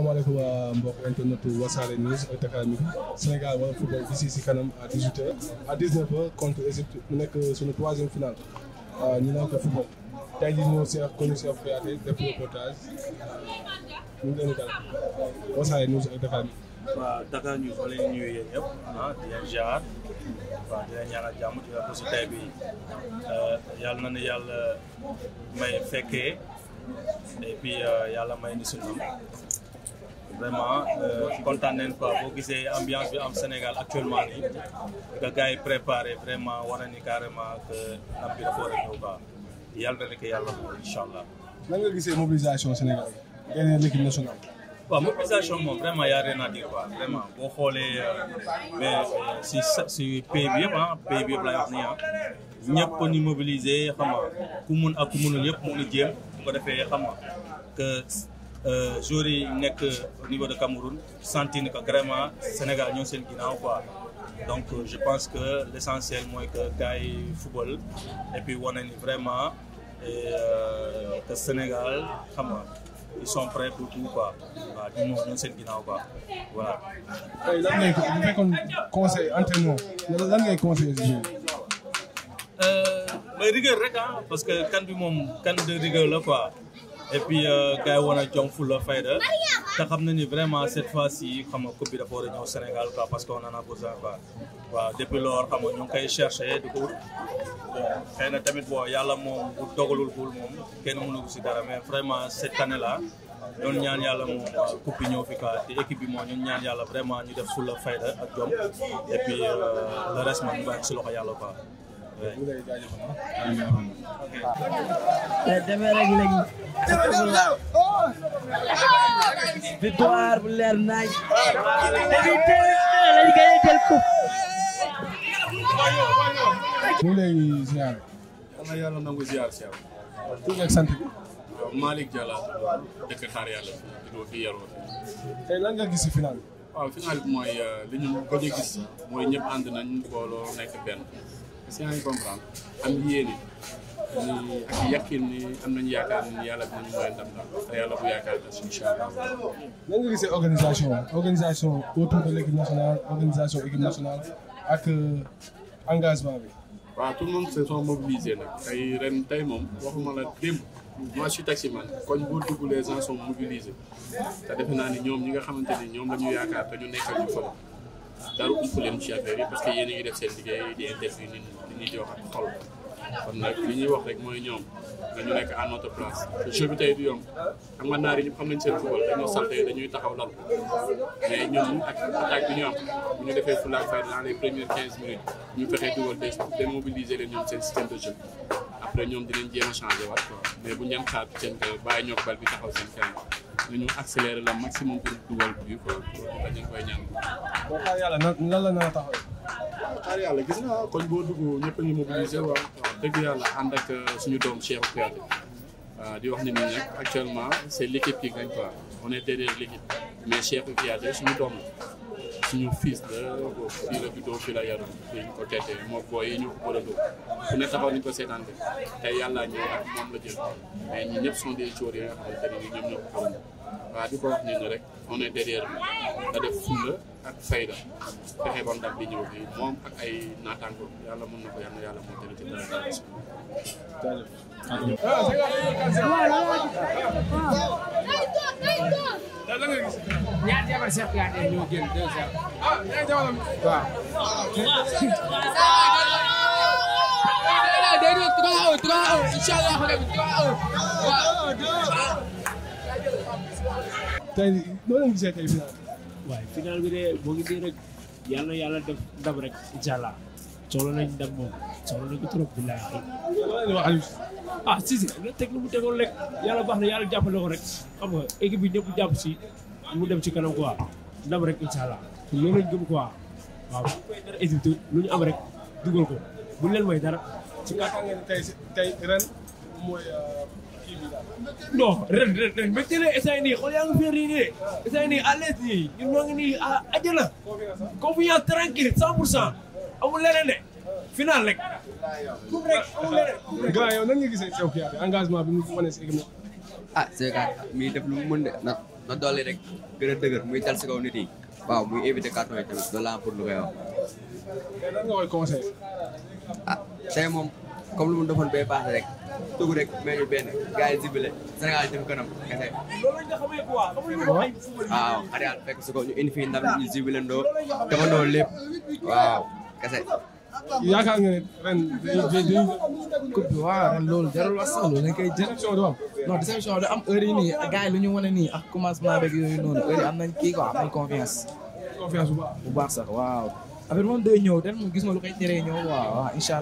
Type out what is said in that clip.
asalaamaaleykum mbokk internet Wassare News Dakar Midi Sénégal wala football bi si kanam à 18h à 19h contre Égypte mu nekk suñu troisième finale ñu naan ko football tey jii ñoo seex ko ñu seex Kouyaté def reportage ñu ngi leen di dal Wassare News Dakar Midi. waaw Dakar News fa la ñuy ñëwee yéen ñëpp ah di leen jàmm di la ko bi euh, yàlla na ne yàlla may fekkee et puis euh, yàlla may ni suñu vraiment euh, kontaan nañ quoi boo gisee ambiance bi am Sénégal actuellement nii nga gars préparé vraiment war ni carrément que ndam bi dafa war a ñëw quoi yàlla na yàlla moom incha allah. nan gisee mobilisation Sénégal yeneen l'équipe nationale. waaw mobilisation moom vraiment y a rien à dire quoi vraiment boo xoolee euh, mais euh, si si pays bi yëpp ah pays bi yëpp laa wax nii ah ni mobiliser xam nga ku mun ak ku munul yëpp mu ngi jéem bu ko defee xam nga Euh, joueurs yi nekk au niveau de Cameroun sentir ni que vraiment Sénégal ñoo seen ginnaaw quoi donc euh, je pense que l' essentiel mooy que gars yi football et puis wane ni vraiment euh, que Sénégal xam nga ils sont pour tout quoi waaw ñun ñoo seen ginnaaw quoi voilà. tey lan ngay bu fekkoon conseil entraînement lan ngay conseillé si mais rigueur et puis euh, gars yi war a jom fulla fayda te xam na ni vraiment cette fois ci xam nga coupe bi dafa war a ñëw Sénégal quoi parce que on en a besoin quoi waaw depuis lool xam nga ñu ngi koy chercher di ko wut xëy na tamit bon yàlla moom bu dogalul bul moom kenn mënu ko si dara mais vraiment cette année là doon ñaan yàlla moom coupe bi ñëw fi quoi te équipe bi moom ñun ñaan yàlla vraiment ñu def fulla fayda ak jom et euh, le reste moom ñu bàyyi si loxo yàlla quoi demee rek léegi. victoire bu leer naaj. dañuy teel dañuy gagné jël coupe. ñu ngi lay ziar. ana yàlla nangu ziar si yow. tur beeg sant bi. Malick Diallo dëkk xaar yàlla juddoo fi yaroo fi. tey lan nga gis si final. waaw final bi mooy euh, li ñu gëj a gis mooy ñëpp ànd nañ booloo nekk benn. est-ce que yaa ngi comprendre yéene ni ak yàqin ni am nañu yaakaar ni yàlla dinañu may ndam ndam te yàlla bu yaakaar na si incha allah. nan nga gisee organisation organisation autour de l'équipe nationale organisation équipe nationale ak euh, engagement bi. waaw tout le monde se sont mobilisés nag tey ren tey moom waxuma la démb. moi je suis taximan koñ boo dugg les gens sont mobilisés te defe naa ni ñoom ñi nga xamante ni ñoom la ñu yaakaar te ñu nekkal ñu fële. dara ëpp leen ci affaire parce que yéen a def seen liggéey di interview nit ñi di wax ak xol kon nag li ñuy wax rek mooy ñoom dañu nekk en notre place jeu bi tey du yomb xam nga naar yi ñëpp xam nañ seen football dañoo salte dañuy taxaw la mais ñun ak attaque bi bu ñu defee fulaak fay dans les premières quinze minutes ñu fexee dugal des démobiliser leen ñoom seen système de jeu après ñoom dinañ jéem a changé waat quoi mais bu ñam xaar seen bàyyi ñoo seen kanam nu ñu accélérer le maximum pour dugal bi quoi dañ leen koy ñaan. boo xaar yàlla na nan la nan taxawee. xaar yàlla gis nga koñ boo dugg ñëpp a ngi waaw dëgg yàlla ànd euh, suñu doom Cheikh Kouyaté euh, di wax ni nii nag actuellement c' est l' équipe qui gagne quoi on est derrière l' équipe suñu doom la. suñu fils la fii la juddoo fii la yaru fii ñu ko teetee moo booy yi ñu war a dóor ku ne taxaw nañu ko seetaan de tey yàlla ñëw ak moom la jël mais ñi ñëpp sont des yi nga ne ko xam waaw di ko wax def fulla ak fayda fexe ba ndam bi ñëw bi moom ak ay naataango yàlla mën na ko yàlla yàlla moo tëdd ci dara. ñaar jabar Cheikh Kanté ñoo génn deux heures. ah ñaar ah, jabaram. de boo gisee rek yàlla yàlla def ndam rek incha allah. soxla nañ ndam moom soxla nañ ko trop billaahi. ah si si teg lu mu tegoon rek yàlla baax rek bi ñëpp jàpp si. mu dem ci kanam quoi ndam rek incha allah loolu lañ gëm quoi waaw bu ñu lu ñu am rek dugal ko bu ñu leen may dara. ci yaakaar ngeen tey tey ren mooy euh, kii bi daal. non ren ren ren métti na instant nii xool yaa ngi féer final rek. coupe yow nan nga gisee Cheikhou Kouyaté engagement bi mu wane si ah, mu mën de na dolli rek gën a dëgër muy dal si nit yi waaw muy éviter carton yi tamit loolu laa am pour lu moom comme lu mu defoon bee paase rek tugg rek meññu benn gars yi zibilé Sénégal jëm kanam kese. waaw Ariane fekk su ñu indi fii ndam ñu zibilé ndoo defandoo lépp waaw kese. yaakaar nga ne ren dañuy coupe bi waaw ren loolu jarul wax sax loolu dañ koy jël. déception du am non am heure yi nii gars yi lu ñu wane nii ak commencement beeg yooyu noonu am nañ kii quoi am nañ confiance. confiance bu baax bu baax sax waaw. affaire moom day ñëw den gis ma lu koy teree ñëw waaw waaw incha